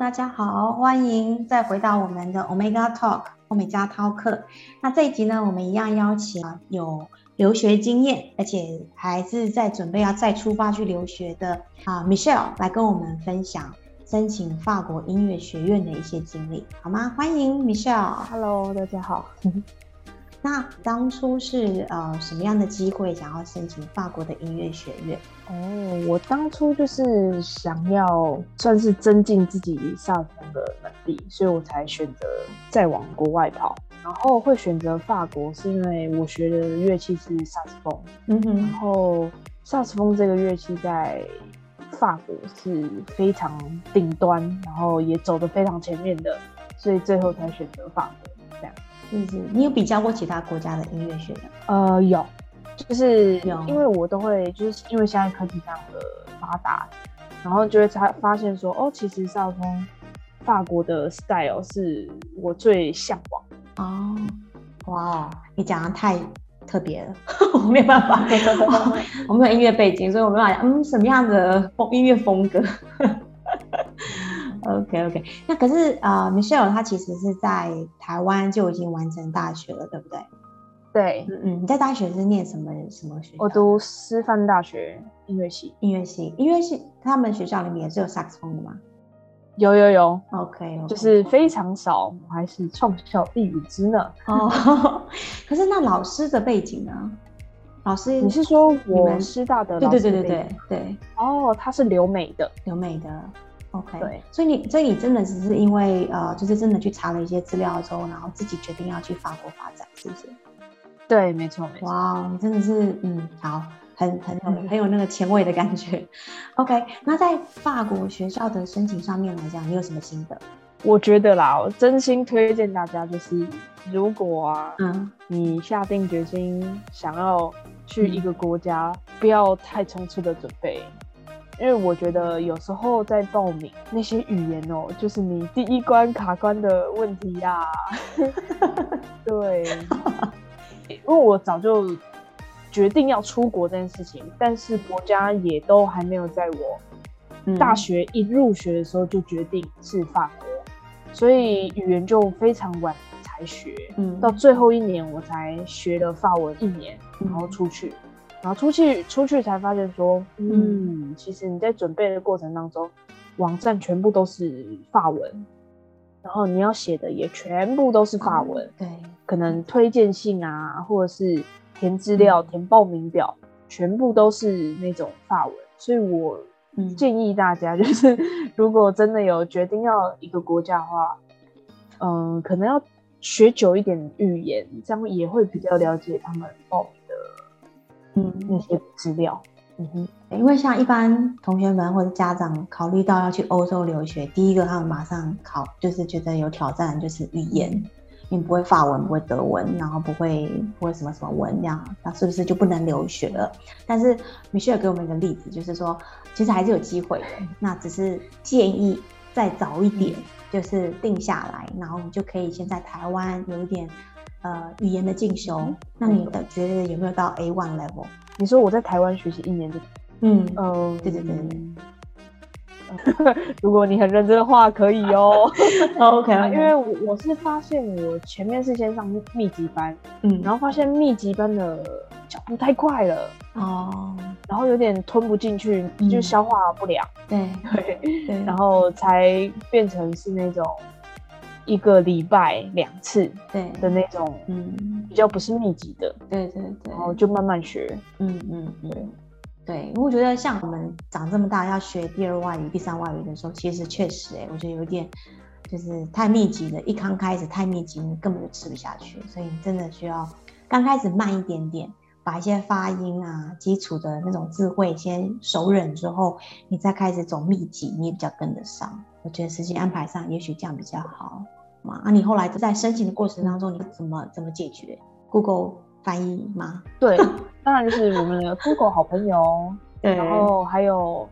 大家好，歡迎再回到我們的 Omega Talk 歐美加 Talk。那這一集呢，我們一樣邀請啊有留學經驗，而且還是在準備要再出發去留學的啊 Michelle 來跟我們分享申請法國音樂學院的一些經歷，好嗎？歡迎 Michelle。Hello，大家好。 那當初是呃什麼樣的機會想要申請法國的音樂學院？哦，我當初就是想要算是增進自己薩斯風的能力，所以我才選擇再往國外跑。然後會選擇法國是因為我學的樂器是薩斯風，嗯哼，然後薩斯風這個樂器在法國是非常頂端，然後也走得非常前面的，所以最後才選擇法國。這樣，就是你有比較過其他國家的音樂學院？呃，有，就是因為我都會，就是因為現在科技上的發達，然後就會發發現說，哦，其實像峰法國的 style 是我最向往。哦，哇哦，你講的太特別了， 我沒有辦法， 我沒有音樂背景，所以我沒辦法。嗯，什麼樣的風音樂風格？ OK OK，那可是啊、呃、，Michelle 她其實是在台灣就已經完成大學了，對不對？對，嗯嗯。你在大學是念什麼什麼學校？我讀師範大學音樂系，音樂系，音樂系，他們學校裡面也是有 Saxophone 的嗎？有有有 okay, okay,，OK，就是非常少，我還是創校一語之呢。哦， 可是那老師的背景呢？老師，你是說我們師大的,老師的？對對對對對,對,對。哦，他是留美的，留美的。OK，對所以你，所以你真的只是因為呃，就是真的去查了一些資料之後，然後自己決定要去法國發展，是不是？對，沒錯，沒錯。哇，wow, 你真的是，嗯，好，很很有很,很有那個前衛的感覺。OK，那在法國學校的申請上面來講，你有什麼心得？我覺得啦，我真心推薦大家，就是如果啊，嗯，你下定決心想要去一個國家，嗯，不要太倉促的準備。因為我覺得有時候在報名那些語言哦、喔，就是你第一關卡關的問題呀、啊。 對， 因為我早就決定要出國這件事情，但是國家也都還沒有，在我大學一入學的時候就決定是法國、嗯，所以語言就非常晚才學，嗯，到最後一年我才學了法文一年，然後出去。然後出去，出去才發現說嗯，嗯，其實你在準備的過程當中，網站全部都是法文，然後你要寫的也全部都是法文。嗯、對，可能推薦信啊，或者是填資料、嗯、填報名表，全部都是那種法文。所以我建議大家，就是、嗯、如果真的有決定要一個國家的話，嗯、呃，可能要學久一點語言，這樣也會比較了解他們哦。那些資料，嗯哼，因為像一般同學們或者家長考慮到要去歐洲留學，第一個他們馬上考，就是覺得有挑戰，就是語言，你不會法文，不會德文，然後不會不會什麼什麼文，這樣那是不是就不能留學了？但是 Michelle 給我們一個例子，就是說其實還是有機會的， 那只是建議再早一點，就是定下來，然後你就可以先在台灣有一點。呃，語言的進修、嗯，那你覺得有沒有到 A1 level？你說我在台灣學習一年就嗯，哦、嗯嗯嗯，對對對對 如果你很認真的話，可以哦、喔。 OK，、嗯、因為我是發現我前面是先上密集班，嗯，然後發現密集班的腳步太快了，哦、嗯，然後有點吞不進去、嗯，就消化不良，對對，對，然後才變成是那種。一個禮拜兩次，對的那種，嗯，比較不是密集的，對對對，然後就慢慢學，嗯嗯，對對，對，對，我覺得像我們長這麼大要學第二外語、第三外語的時候，其實確實、欸，哎，我覺得有點就是太密集了。一剛開始太密集，你根本就吃不下去，所以你真的需要剛開始慢一點點，把一些發音啊、基礎的那種智慧先熟稔之後，你再開始走密集，你也比較跟得上。我覺得時間安排上，也許這樣比較好。嘛，那你後來在申請的過程當中，你怎麼怎麼解決 Google 翻譯嗎？對，當然就是我們的 Google 好朋友 對，然後還有，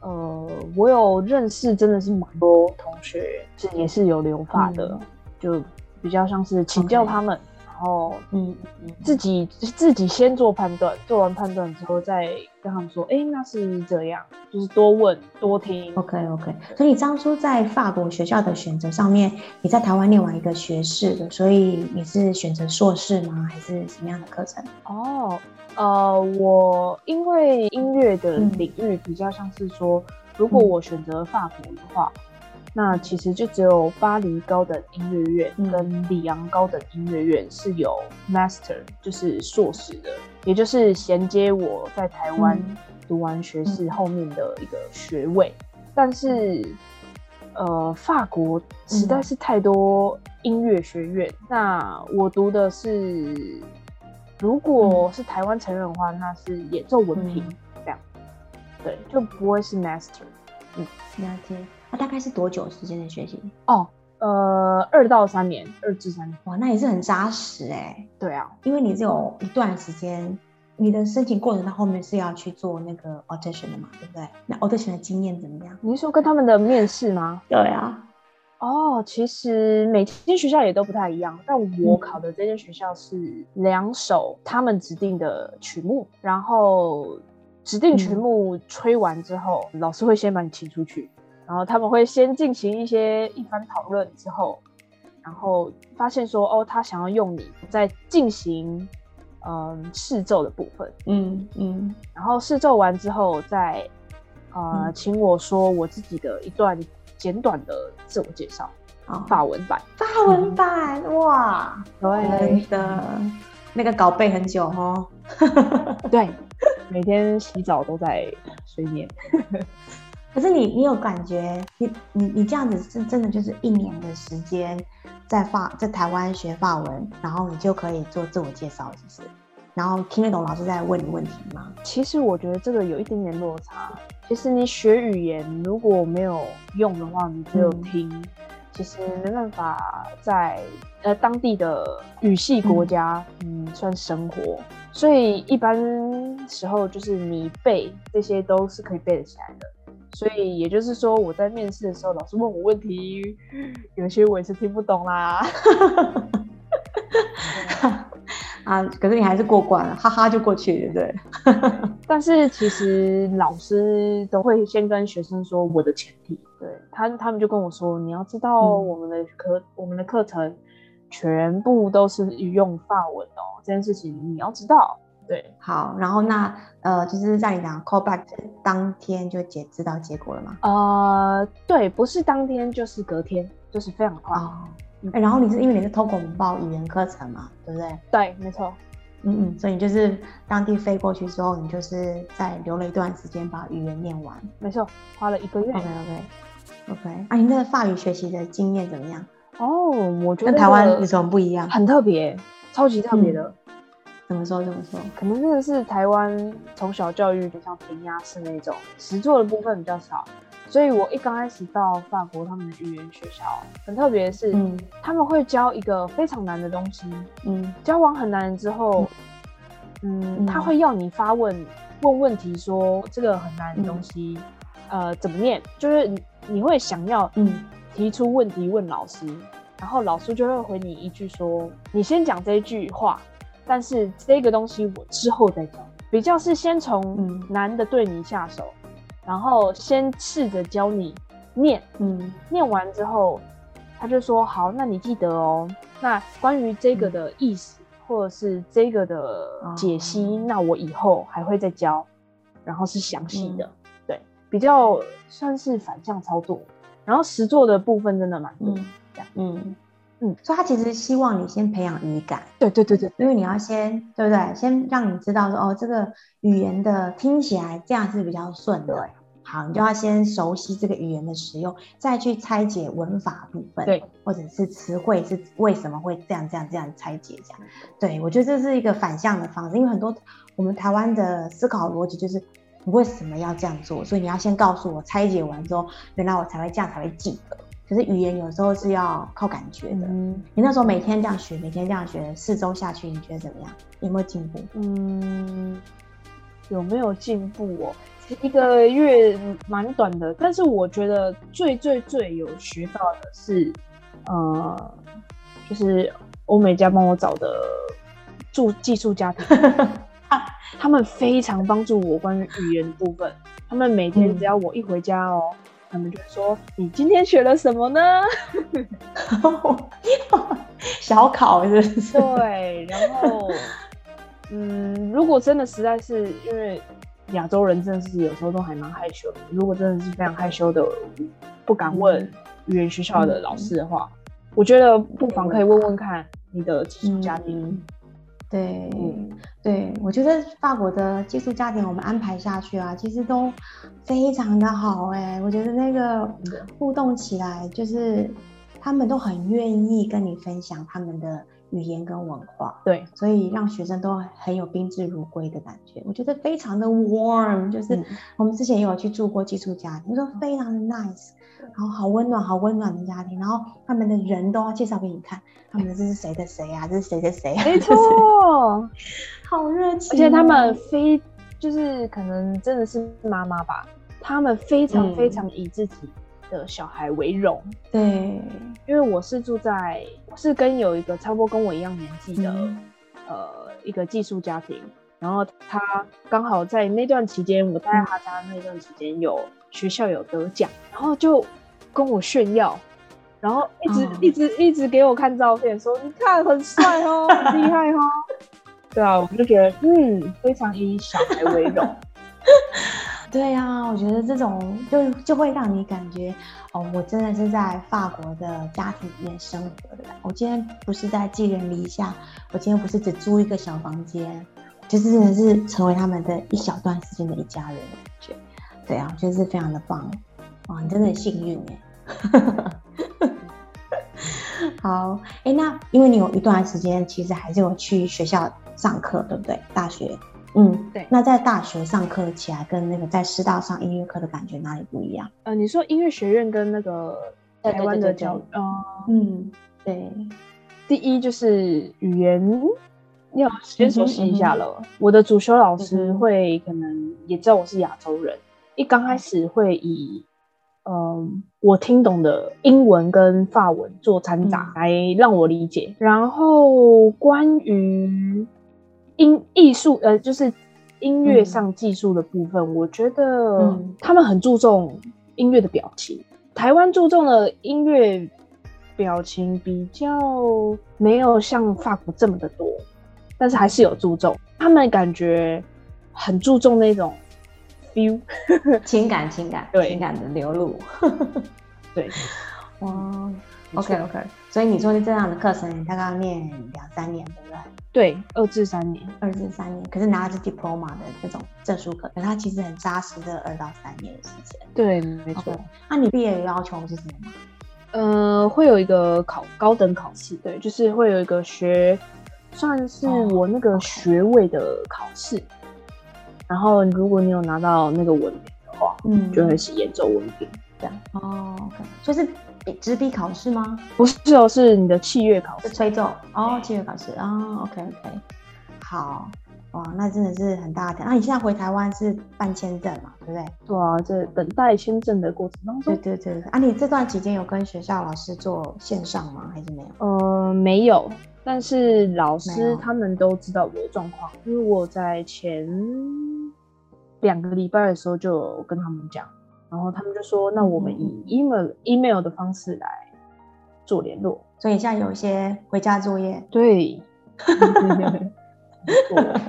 呃，我有認識，真的是蠻多同學是也是有留法的，嗯，就比較像是請教他們。Okay. 然後，嗯，自己自己先做判斷，做完判斷之後再跟他們說，哎，那是這樣，就是多問多聽。OK OK。所以你當初在法國學校的選擇上面，你在台灣念完一個學士的、嗯，所以你是選擇碩士嗎，還是什麼樣的課程？哦，呃，我因為音樂的領域比較像是說，如果我選擇法國的話。嗯那其實就只有巴黎高等音樂院跟裡昂高等音樂院是有 master，就是碩士的，也就是銜接我在台灣讀完學士後面的一個學位。但是，呃，法國實在是太多音樂學院。那我讀的是，如果是台灣成人的話，那是演奏文憑這樣，對，就不會是 master 嗯。嗯，了解。啊、大概是多久時間的學習？哦，呃，二到三年，二至三年。哇，那也是很扎實哎、欸。對啊，因為你只有一段時間，你的申請過程到後面是要去做那個 audition 的嘛，對不對？那 audition 的經驗怎麼樣？你是說跟他們的面試嗎？對啊。哦，其實每間學校也都不太一樣，但我考的這間學校是兩首他們指定的曲目，然後指定曲目吹完之後，嗯、老師會先把你請出去。然後他們會先進行一些一番討論之後，然後發現說哦，他想要用你，再進行嗯、呃、試奏的部分，嗯嗯，然後試奏完之後再呃、嗯、請我說我自己的一段簡短的自我介紹，哦、法文版、嗯，法文版，哇，對真的、嗯，那個稿背很久哈、哦， 對，每天洗澡都在睡眠。 可是你，你有感覺，你你你這樣子是真的，就是一年的時間，在法在台灣學法文，然後你就可以做自我介紹，其實，然後聽得懂老師在問你問題嗎？其實我覺得這個有一點點落差。其實你學語言如果沒有用的話，你只有聽，嗯，其實沒辦法在呃當地的語系國家嗯，嗯，算生活。所以一般時候就是你背這些都是可以背得起來的。所以也就是說，我在面試的時候，老師問我問題，有些我也是聽不懂啦。 啊，可是你還是過關了，哈哈，就過去了，對對。 但是其實老師都會先跟學生說我的前提，對，他，他們就跟我說，你要知道我們的課、嗯，我們的課程全部都是用法文哦，這件事情你要知道。對，好，然後那呃，就是在你講 call back 當天就結知道結果了嗎？呃，對，不是當天，就是隔天，就是非常快哎、哦嗯欸，然後你是因為你是通過報語言課程嘛，對不對？對，沒錯。嗯嗯，所以你就是當地飛過去之後，你就是在留了一段時間把語言念完。沒錯，花了一個月。OK OK OK, okay.。啊，你的法語學習的經驗怎麼樣？哦，我覺得跟台灣有什麼不一樣？很特別，超級特別的。嗯怎麼說？怎麼說？可能真的是台灣從小教育就像填鴨式那種，實作的部分比較少。所以我一剛開始到法國，他們的語言學校很特別，是、嗯、他們會教一個非常難的東西。嗯，教完很難之後，嗯，嗯嗯嗯他會要你發問，問問題說，說這個很難的東西、嗯，呃，怎麼念？就是你會想要嗯提出問題問老師，然後老師就會回你一句說：“你先講這一句話。”但是這個東西我之後再教你，比較是先從難的對你下手，嗯、然後先試着教你念，嗯，念完之後他就說好，那你記得哦。那關於這個的意思、嗯、或者是這個的解析、啊，那我以後還會再教，然後是詳細的、嗯，對，比較算是反向操作。然後實作的部分真的蠻多的，嗯。嗯，所以他其實希望你先培養語感。對對對對，因為你要先，對不對？先讓你知道說，哦，這個語言的聽起來這樣是比較順的。好，你就要先熟悉這個語言的使用，再去拆解文法部分，對，或者是詞彙是為什麼會這樣這樣這樣拆解這樣。對，我覺得這是一個反向的方式，因為很多我們台灣的思考邏輯就是你為什麼要這樣做，所以你要先告訴我拆解完之後，原來我才會這樣，才會記得。可、就是語言有時候是要靠感覺的。嗯、你那時候每天這樣學、嗯，每天這樣學，四周下去，你覺得怎麼樣？有沒有進步？嗯，有沒有進步哦？一個月蠻短的，但是我覺得最最最有學到的是，呃，就是歐美加幫我找的住寄宿家庭、 啊，他們非常幫助我關於語言的部分。他們每天只要我一回家哦。嗯我們就說，你今天學了什麼呢？ 小考是，是對。然後，嗯，如果真的實在是因為亞洲人真的是有時候都還蠻害羞的，如果真的是非常害羞的，不敢問語言學校的老師的話，嗯、我覺得不妨可以問問看你的寄宿家庭。嗯對、嗯，對，我覺得法國的寄宿家庭我們安排下去啊，其實都非常的好哎、欸。我覺得那個互動起來，就是他們都很願意跟你分享他們的語言跟文化，對，所以讓學生都很有賓至如歸的感覺。我覺得非常的 warm，就是我們之前也有去住過寄宿家庭，我說非常的 nice。然後好溫暖，好溫暖的家庭，然後他們的人都要介紹給你看，他們的這是誰的誰啊，這是誰的誰啊，沒錯， 好熱情，而且他們非就是可能真的是媽媽吧，他們非常非常以自己的小孩為榮、嗯。對，因為我是住在，我是跟有一個差不多跟我一樣年紀的、嗯，呃，一個寄宿家庭，然後他剛好在那段期間，我在他家那段期間、嗯，有學校有得獎，然後就。跟我炫耀，然後一直、哦、一直一直給我看照片，說你看很帥哦，很厲害哦。 對啊，我就覺得，嗯，非常以小孩為榮。 對啊，我覺得這種就就會讓你感覺，哦，我真的是在法國的家庭裡面生活的。我今天不是在寄人籬下，我今天不是只租一個小房間，就是真的是成為他們的一小段時間的一家人 對啊，我覺得是非常的棒。哇，你真的很幸運耶。 好，哎、欸，那因為你有一段時間其實還是有去學校上課，對不對？大學，嗯，對。那在大學上課起來跟那個在師大上音樂課的感覺哪裡不一樣？呃，你說音樂學院跟那個台灣的教育、呃，嗯嗯，對。第一就是語言、嗯、要先熟悉一下了嗯哼嗯哼。我的主修老師會可能也知道我是亞洲人，嗯、一剛開始會以嗯、um,，我聽懂的英文跟法文做摻雜來讓我理解。嗯、然後關於音藝術，呃，就是音樂上技術的部分、嗯，我覺得他們很注重音樂的表情。嗯、台灣注重的音樂表情比較沒有像法國這麼的多，但是還是有注重。他們感覺很注重那種。 情感情感情感的流露對， 對，哇、嗯、，OK OK，所以你說你這樣的課程，你大概要念兩三年對不對？對，二至三年、嗯，二至三年，可是拿着 diploma 的這種證書課，嗯、是它其實很扎實的、這個、二到三年的時間。對，沒錯。那、okay 啊、你畢業的要求是什麼？呃，會有一個考高等考試，對，就是會有一個學，算是我那個學位的考試。Oh, okay. 然後，如果你有拿到那個文憑的話，嗯，就會是演奏文憑這樣哦。OK，所以是筆紙筆考試嗎？不是哦，是你的器樂考試，是吹奏，okay. 哦。器樂考試啊、哦、OK OK，好哇，那真的是很大的。那、啊、你現在回台灣是辦簽證嘛？對不對？對啊，這等待簽證的過程當中，對對對。啊，你這段期間有跟學校老師做線上嗎？還是沒有？呃，沒有，但是老師他們都知道我的狀況，因為我在前。兩個禮拜的時候就跟他們講，然後他們就說：“那我們以 email email 的方式來做聯絡。”嗯，所以像有一些回家作業，對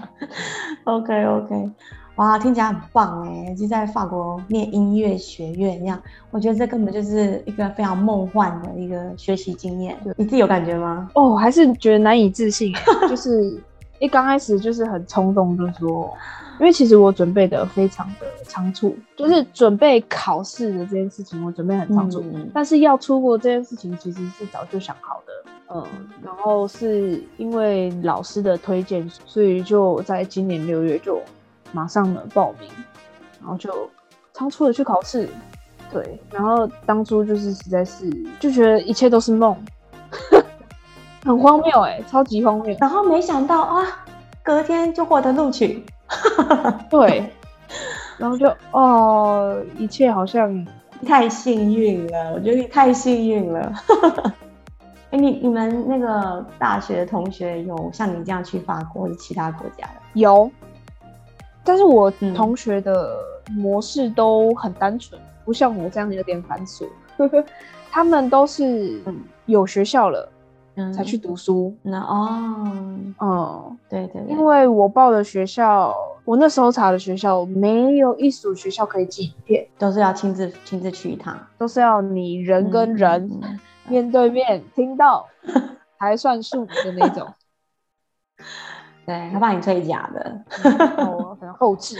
，OK OK，哇，聽起來很棒耶！就在法國念音樂學院那樣，我覺得這根本就是一個非常夢幻的一個學習經驗。你自己有感覺嗎？哦，還是覺得難以置信， 就是。一剛開始就是很衝動，就說，因為其實我準備的非常的倉促，就是準備考試的這件事情，我準備很倉促、嗯。但是要出國這件事情其實是早就想好的，嗯，嗯嗯然後是因為老師的推薦，所以就在今年六月就馬上了報名，然後就倉促的去考試，對、嗯，然後當初就是實在是就覺得一切都是夢。很荒謬哎、欸，超級荒謬。然後沒想到啊，隔天就獲得錄取。 對，然後就哦，一切好像太幸運了。我覺得你太，太幸運了。哎、 欸，你你們那個大學同學有像你這樣去法國或者其他國家的？有，但是我同學的模式都很單純、嗯，不像我這樣有點繁瑣。 他們都是有學校了。嗯嗯、才去讀書，那、嗯、哦哦，嗯、對，對對，因為我報的學校，我那時候查的學校沒有一所學校可以寄，都是要親自親自去一趟、嗯，都是要你人跟人、嗯嗯、面對面、okay，聽到才算數的 那種。 對，他怕你吹假的，很厚質。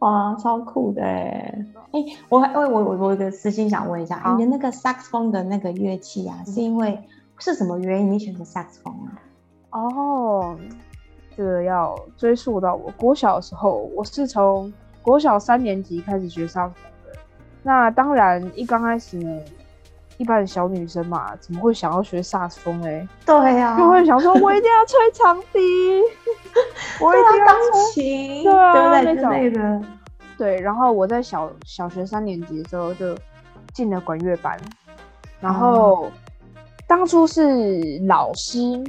哇，超酷的哎！哎、欸，我我我我有個私心想問一下，啊、你的那個 saxophone 的那個樂器啊、嗯，是因為是什麼原因你選擇 saxophone 啊？哦，這個要追溯到我國小的時候，我是從國小三年級開始學薩克斯風的。那當然，一剛開始呢一般的小女生嘛，怎麼會想要學薩克斯風？哎，對呀、啊，就會想說我 我、 啊，我一定要吹長笛，我一定要鋼琴，對啊，對對之類的。對，然後我在小小學三年級的時候就進了管樂班、嗯，然後當初是老師，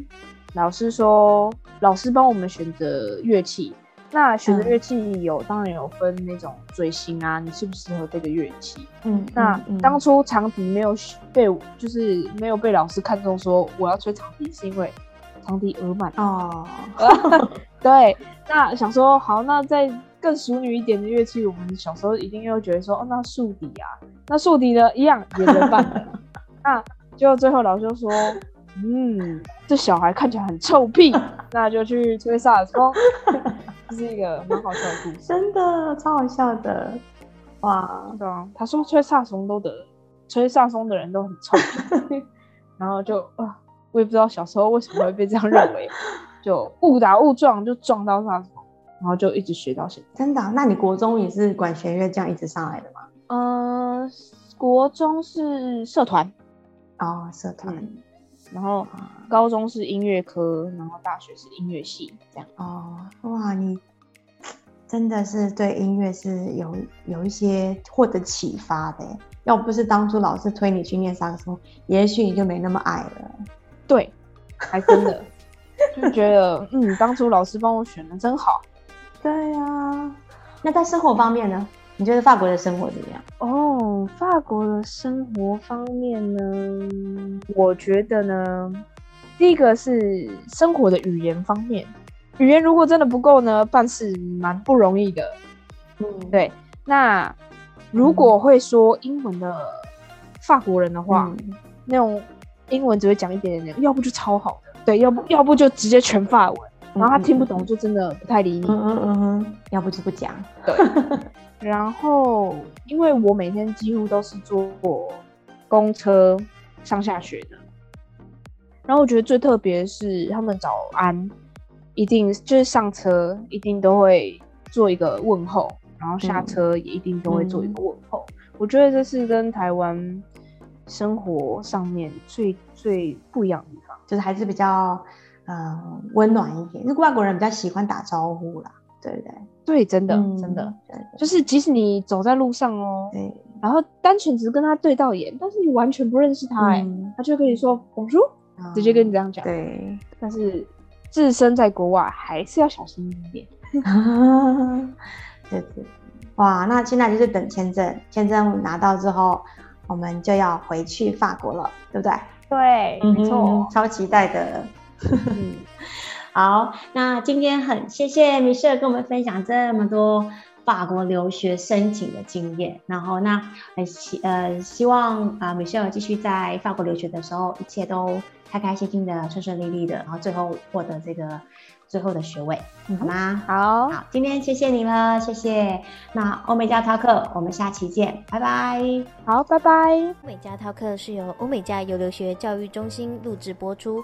老師說，老師幫我們選擇樂器。那學的樂器有、嗯，當然有分那種追星啊，你適不適合這個樂器？嗯，那嗯嗯當初長笛沒有被就是沒有被老師看中說，說我要吹長笛是因為長笛額滿哦。啊、 對，那想說好，那再更淑女一點的樂器，我們小時候一定又覺得說哦，那豎笛啊，那豎笛呢一樣也得辦。 那就最後老師說，嗯，這小孩看起來很臭屁， 那就去吹薩克斯風。 這是一個蠻好笑的故事的， 真的超好笑的，哇！對啊，他說吹薩松都得，吹薩松的人都很臭， 然後就啊，我也不知道小時候為什麼會被這樣認為， 就誤打誤撞就撞到薩松，然後就一直學到學。真的啊？那你國中也是管弦樂這樣一直上來的嗎？嗯，國中是社團。哦，社團。嗯然後高中是音樂科，然後大學是音樂系，這樣。哦，哇，你真的是對音樂是有有一些獲得啟發的。要不是當初老師推你去念商科的時候，也許你就沒那麼愛了。對，還真的 就覺得，嗯，當初老師幫我選的真好。對呀、啊，那在生活方面呢？你覺得法國的生活怎麼樣？哦，法國的生活方面呢？我覺得呢，第一個是生活的語言方面，語言如果真的不夠呢，辦事蠻不容易的。嗯，對。那如果會說英文的法國人的話，嗯、那種英文只會講一點點，要不就超好的，對，要不要不就直接全法文嗯嗯嗯，然後他聽不懂就真的不太理你，嗯嗯、嗯、嗯、嗯，要不就不講，對。 然後，因為我每天幾乎都是坐過公車上下學的，然後我覺得最特別是他們早安，一定就是上車一定都會做一個問候，然後下車也一定都會做一個問候。嗯、我覺得這是跟台灣生活上面最最不一樣的地方，就是還是比較、呃、溫暖一點，因為外國人比較喜歡打招呼啦，對不對？對，真的，嗯、真的對對對，就是即使你走在路上哦、喔對對對，然後單純只是跟他對到眼，但是你完全不認識他，哎、嗯，他就跟你說 “Bonjour”，直接跟你這樣講、嗯。對，但是置身在國外還是要小心一點。 對，對，對，哇，那現在就是等簽證，簽證拿到之後，我們就要回去法國了，對不對？對，嗯、沒錯、喔，超期待的。 好，那今天很謝謝 Michelle 跟我們分享這麼多法國留學申請的經驗，然後那很希呃希望啊 Michelle 繼續在法國留學的時候一切都開開心心的順順利利的，然後最後獲得這個最後的學位、嗯，好嗎？好，好，今天謝謝你了，謝謝。那歐美加淘客，我們下期見，拜拜。好，拜拜。歐美加淘客是由歐美加遊留學教育中心錄製播出。